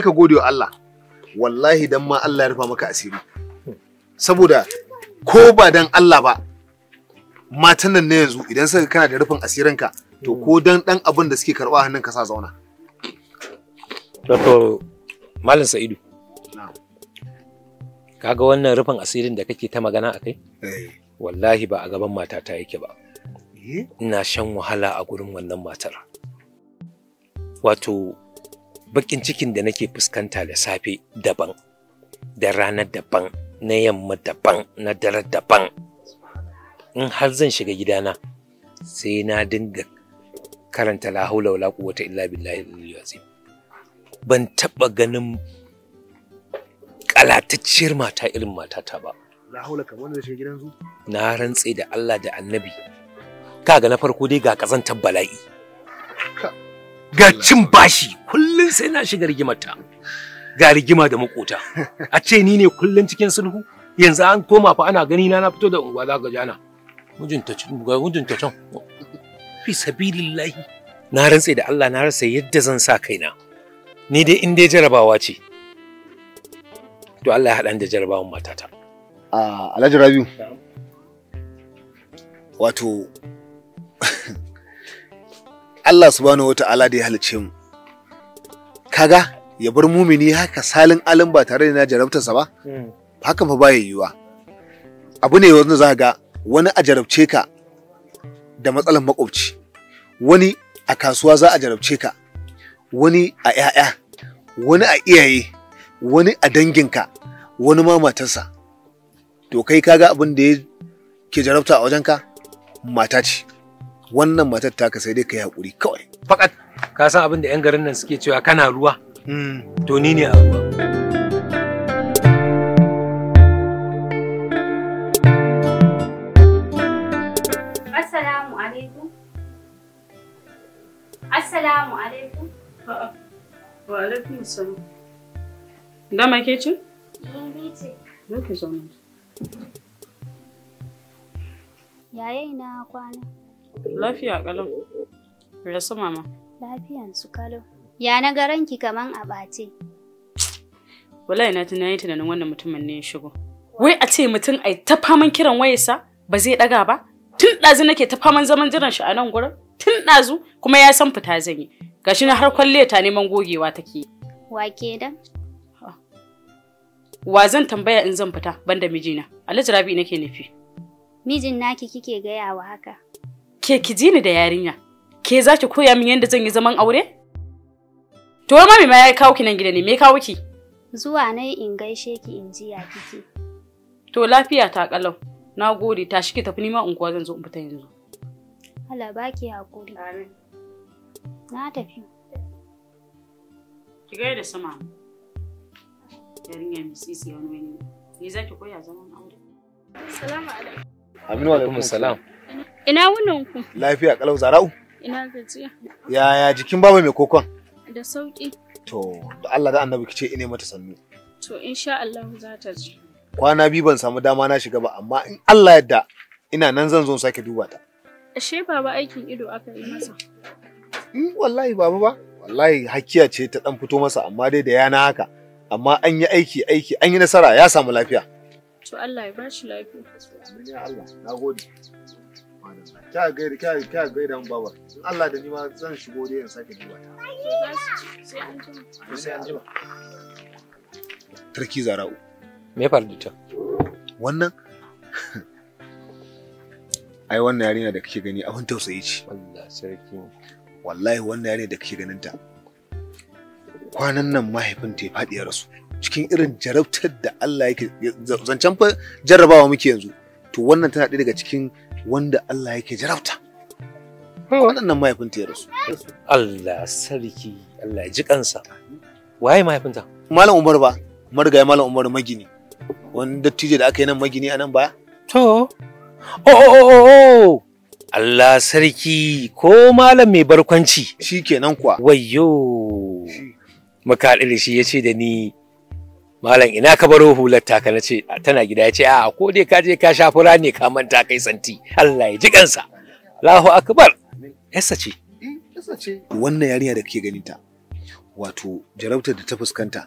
ai ka gode wa Allah wallahi dan ma Allah ya rufa maka asiri saboda ko ba dan Allah ba matan nan na yanzu idan saka kana da rufin asirinka to ko dan dan abin da suke karba hannun ka sa zauna to malam sa'idu kaga wannan rufin asirin da kake ta magana akai eh. wallahi ba a gaban matata yake ba eh? ina shan wahala a gurin wannan matar wato Bakin cikin da nake fuskanta da safe daban da rana daban na yamma daban na dare daban in har zan shiga gidana sai na dinga karanta la haula wala quwwata illa billahi al ban taba ganin kalatacciyar mata irin matata ba la haula kamar wanda shiga gidansu na rantse da Allah da Annabi kaga na farko dai ga kazantar bala'i ga cin bashi kullum sai na shiga rigimarta ga rigima da makota a ce ni ne kullum cikin sulhu yanzu an koma fa ana gani na na fito da unguwa za ka jana mijinta ga mujinta can fi sabilillahi na rantse da Allah na rasa yadda zan sa kaina ni dai in dai jarabawa ce to Allah ya haɗa da jarabawan matata a Alhaji Rabiu wato Allah subhanahu wata'ala da ya halice mu kaga ya bar mumini haka salin alin ba tare da na sa ba hmm. haka fa baya yiwuwa abu ne wanda za ga wani a jarabce ka da matsalan makwabci wani a kasuwa za a jarabce ka wani a 'ya'ya wani a iyaye wani a danginka wani ma matarsa to kai kaga abin da ya ke jarabta a wajenka mata ce wannan matar taka sai dai ka yi haƙuri kawai. Fakat ka san abin da 'yan garin nan suke cewa kana ruwa. Hmm. To ni ne a ruwa. Assalamu alaikum. Wa alaikum salam. Dama ke ce? Eh, ni ce. ke zauna. Yayai na kwana. Lafiya ƙalau. Rasu su mama. Lafiyan su kalau. Ya na garan ki kaman a ɓace. Wallahi na tunayi tunanin wannan mutumin ne ya shigo. Wai a ce mutum ai ta faman kiran wayarsa ba zai ɗaga ba? Tun ɗazu nake ta faman zaman jiran shi a nan gurin. Tun ɗazu kuma ya san fita zan yi. Gashi na har kwalle ta neman gogewa take. Wa ke dan? Ah. Wa zan tambaya in zan fita banda mijina? Alhaji Rabi nake nufi. Mijin naki kike gaya wa haka. Ke ki ji ni da yarinya. Ke za ki koya min yadda zan yi zaman aure? To ma me ma ya kawo ki nan gida ne? Me kawo ki? Zuwa na in gaishe ki in ji ya kike. To lafiya ta kalau. Na gode tashi ki tafi nima unguwa zan zo in fita yanzu. Allah baki hakuri. Amin. Na tafi. Ki da sama. Yarinya misisi wani wani. ne za ki koya zaman aure. Assalamu alaikum. Aminu alaikum salam. Ina wunan ku? Lafiya kalau zarau. Ina gajiya. Yaya jikin baba mai kokon? Da sauki. To, da Allah da Annabi kice ine mata sannu. To insha Allah za ta ji. Kwana biyu ban samu dama na shiga ba amma in Allah yadda ina nan zan zo sake duba ta. Ashe baba aikin ido aka yi masa. Mm, wallahi baba ba. Wallahi hakiya ce ta dan fito masa amma dai da yana haka. Amma an yi aiki aiki an yi nasara ya samu lafiya. To Allah ya ba shi lafiya. Allah, nagode. malam kya gaida kya kya gaida baba Allah da zan shigo dai in sake duba ta sai an jima zara'u me wannan ai wannan yarinya da kake gani abin tausayi ce Allah sarki wallahi wannan yarinya da kake ganin ta kwanan nan mahaifin ta ya faɗi ya rasu cikin irin jarabtar da Allah yake zancen fa jarrabawa muke yanzu to wannan tana ɗaya daga cikin wanda Allah yake jarauta, waɗannan mahaifinta ya rasu Allah sarki Allah ya ji kansa waye mahaifinta malam Umar ba marigayi malam Umar magini wani dattijo da aka yi nan magini a nan baya to oh, oh oh oh oh Allah sarki ko malam mai barkwanci shikenan kuwa wayyo muka da shi ya ce da ni malam ina ka baro hular ta na ce tana gida ya ce a ko dai ka je ka sha fura ne ka manta kai santi Allah ya ji kansa Allahu akbar yasa eh, ce wannan yarinya da kake ganin ta wato jarabtar da ta fuskanta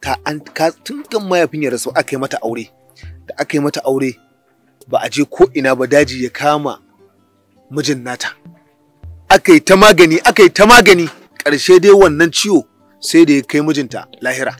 ta an ka tun kan mayafin ya rasu aka yi mata aure da aka yi mata aure ba a je ko ina ba daji ya kama mijin nata aka ta magani aka yi ta magani ƙarshe dai wannan ciwo sai da ya kai mijinta lahira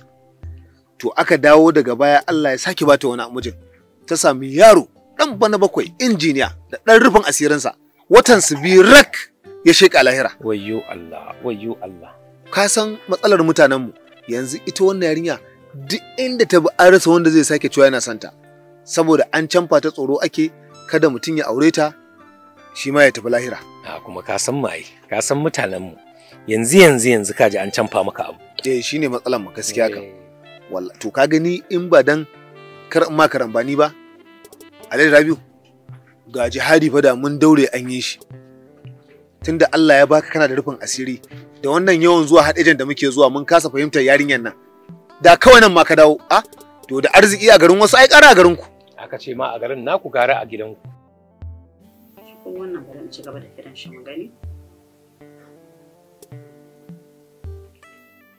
to aka dawo daga baya Allah ya sake bata wani amijin ta sami yaro dan bana bakwai injiniya da dan rufin asirinsa watan su bi rak ya sheka lahira wayyo Allah wayyo Allah ka san matsalar mutanenmu yanzu ita wannan yarinya duk inda ta bi an rasa wanda zai sake cewa yana santa saboda an canfa ta tsoro ake kada mutum ya aure ta shi ma ya tafi lahira a kuma ka san maye ka san mutanenmu yanzu yanzu yanzu kaji an canfa maka abu eh shine matsalar mu gaskiya kan eh. to ka gani in ba dan kar ma karambani ba alai rabiu ga jihadi fa da mun daure an yi shi tunda Allah ya baka kana da rufin asiri da wannan yawan zuwa hadejan da muke zuwa mun kasa fahimtar yarinyar nan da kawai nan ma ka dawo a to da arziki a garin wasu ai kara a garin ku aka ce ma a garin naku gara a gidanku kun wannan bari ci gaba da kiran shi gani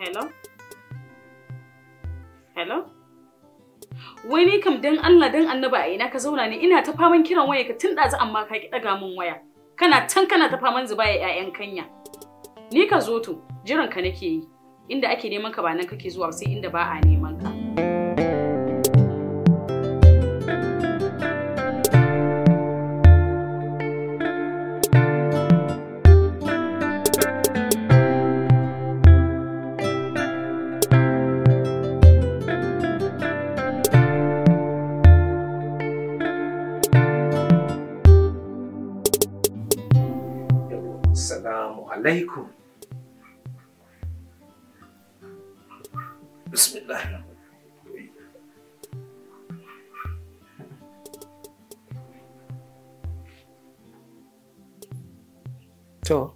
hello Hello? Wai ni kam dan Allah dan annaba a ina ka zauna ne ina ta faman kiran waya ka tun ɗazu amma ka ki ɗaga min waya. Kana can kana ta faman zuba ya 'ya'yan kanya. Ni ka zo to jiran ka nake yi. Inda ake neman ka ba nan kake zuwa sai inda ba a neman ka. الله To,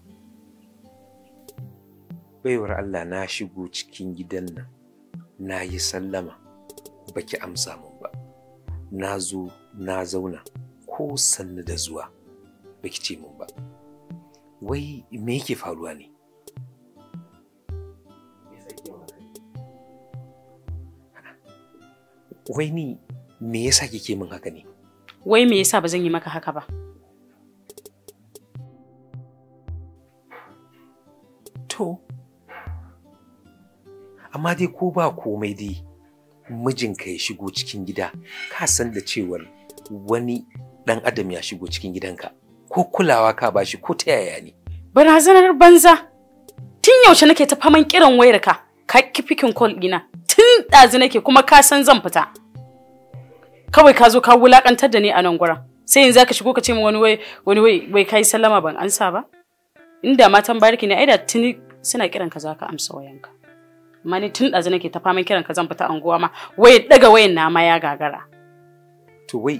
baiwar Allah na shigo cikin gidan nan, na yi sallama, baki amsa min ba, na zo na zauna ko sannu da zuwa, baki ce mun ba. Wai me yake faruwa ne? wai ni me yasa kike min haka ne wai me yasa bazan yi maka haka ba to amma dai ko ba komai dai mijinka ya shigo cikin gida ka san da cewar wani ɗan adam ya shigo cikin gidanka ko kulawa ka bashi ko ta yaya ne barazanar banza tun yaushe nake ta faman kiran wayarka ka kifikin kol ɗina tun ɗazu nake kuma ka san zan fita kawai ka zo ka wulakantar da ni a nan gura sai yanzu zaka shigo ka ce min wani wai wani wai wai kai sallama ban ansa ba inda matan bariki ne aida da tuni suna kiran ka zaka amsa wayanka amma ni tun ɗazu nake ta faman kiran ka zan fita anguwa ma wai daga wayan na ma ya gagara to wai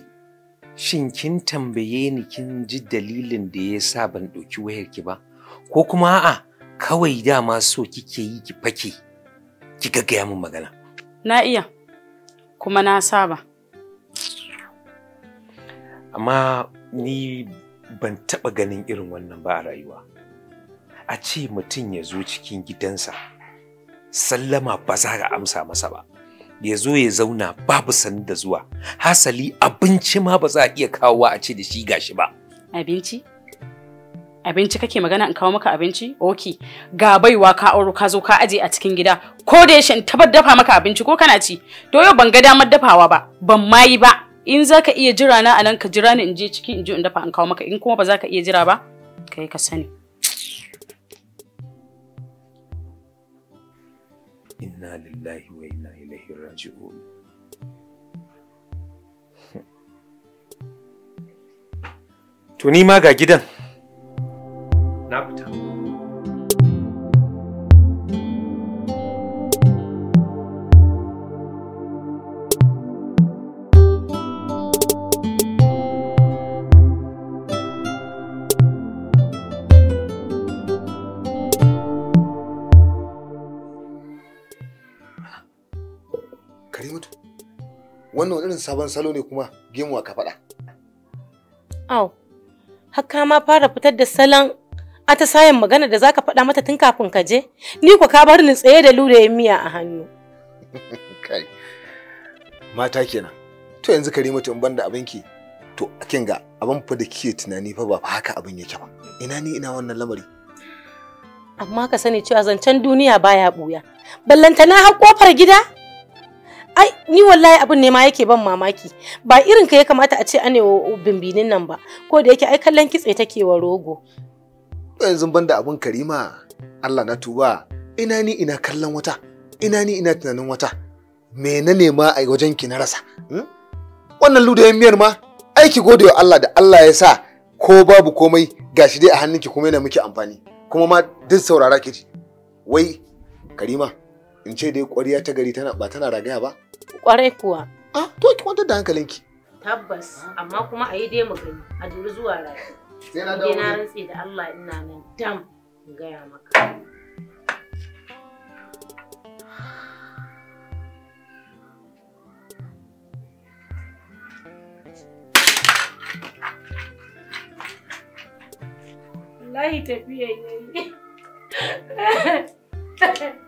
shin kin tambaye ni kin ji dalilin da ya sa ban ɗauki wayar ki ba ko kuma a'a kawai dama so kike yi ki fake ki gaggaya min magana na iya kuma na saba amma ni ban taɓa ganin irin wannan ba a rayuwa a ce mutum ya zo cikin gidansa sallama ba za amsa masa ba ya zo ya zauna babu sanin da zuwa hasali abinci ma ba za a iya kawo a ce da shi gashi ba abinci abinci kake magana in kawo maka abinci ok ga baiwa ka auro ka zo ka aje a cikin gida ko da yaushe in tabar dafa maka abinci ko kana ci to yau ban ga damar dafawa ba ban ma ba in za ka iya jira na anan ka jira ni in je ciki in ji in dafa an kawo maka in kuma ba za ka iya jira ba kai ka sani inna lillahi wa inna ilaihi raji'un to ni ma ga gidan na fita wannan irin sabon salo ne kuma gemu ka faɗa. Au, haka ma fara fitar da salon sayan magana da zaka faɗa mata tun kafin ka je, ni ku ka bar ni tsaye da lurayen miya a hannu. Kai, mata kenan. To yanzu ka mata in banda abinki. To a kin ga abin fa da kike tunani fa ba fa haka abin yake ba. Ina ni ina wannan lamari. Amma ka sani cewa zancen duniya baya buya. Ballantana har kofar gida? ai ni wallahi abin ne ma yake ban mamaki ba irin ka ya kamata a ce anewa bimbinin nan ba ko da yake ai kallon kitse take wa rogo yanzu ban da abin karima Allah na tuba ina ni ina kallon wata ina ni ina tunanin wata menene ma wajen ki na rasa hmm? wannan ya miyar ma aiki gode wa Allah da Allah ya sa ko babu komai gashi dai a hannunki kuma yana miki amfani kuma ma duk saurara ki wai karima in ce dai ƙwariya ta gari tana ba tana ragaya ba Kwarai kuwa. a to ki kwanta da hankalinki. Tabbas, amma kuma a yi dai mu gani, a duri zuwa rafi. Sai na dawo. Ina rantse da Allah ina nan dam gaya maka. Wallahi tafiya yayi.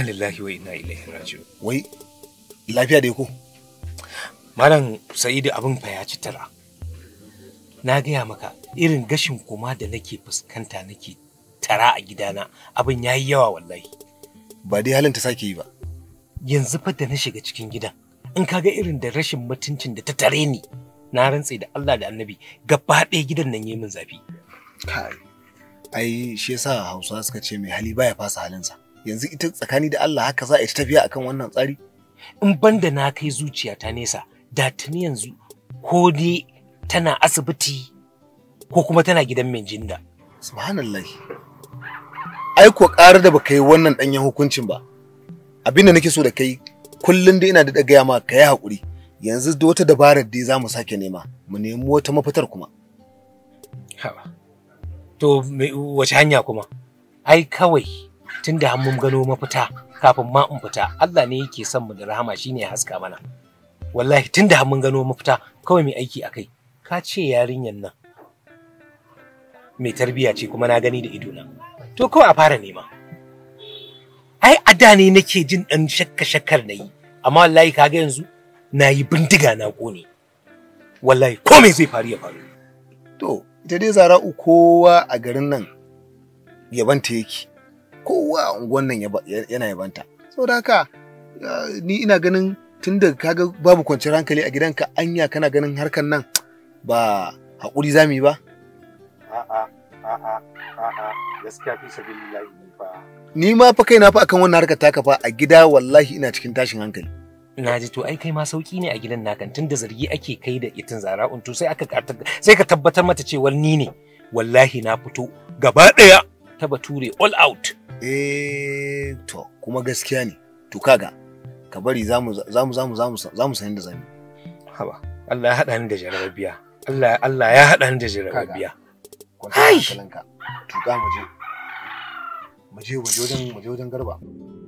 inna lillahi wa inna ilaihi raji'un wai lafiya dai ko malam sa'idu abin fa ya ci tara na gaya maka irin gashin kuma da nake fuskanta nake tara a gidana abin ya yi yawa wallahi ba dai halin ta sake yi ba yanzu fa da na shiga cikin gidan in kaga irin da rashin mutuncin da ta tare ni na rantse da Allah da annabi gaba ɗaya gidan nan yi min zafi ai shi yasa Hausawa suka ce mai hali baya fasa halinsa yanzu ita tsakani da Allah haka za a yi tafiya akan wannan tsari in banda na kai zuciya ta nesa da tuni yanzu ko dai tana asibiti ko kuma tana gidan mai jinda subhanallah ai ko ƙara da baka yi wannan ɗanyen hukuncin ba abin da nake so da kai kullum da ina da gaya ma ka yi hakuri. yanzu da wata dabarar dai za mu sake nema mu nemi wata mafitar kuma to wace hanya kuma ai kawai tun da mun gano mafita kafin ma in fita Allah ne yake son mu da rahama shine ya haska mana wallahi tun da mun gano mafita kawai mai aiki akai ka ce yarinyar nan mai tarbiya ce kuma na gani da idona to kawai a fara nema ai a da ne nake jin dan shakka shakkar nayi amma wallahi ka ga yanzu na yi bindiga na kone wallahi komai zai faru ya faru to ita dai zara'u kowa a garin nan yabanta yake kowa a unguwan nan yana yabanta da haka ni ina ganin tun da kaga babu kwanciyar hankali a gidanka anya kana ganin harkan nan ba haƙuri za ba a'a a'a a'a ni ma fa kaina fa akan wannan harkar taka fa a gida wallahi ina cikin tashin hankali na ji to ai kai ma sauki ne a gidan nakan tunda zargi ake kai da itin zara unto sai aka sai ka tabbatar mata cewa ni ne wallahi na fito gaba daya ta bature all out eh to kuma gaskiya ne to kaga ka bari za mu za mu za mu san da zamu haba Allah ya hada ni da jarabiya Allah Allah ya hada ni da jarabiya kwanta hankalinka tuka mu je mu je wajen mu je wajen garba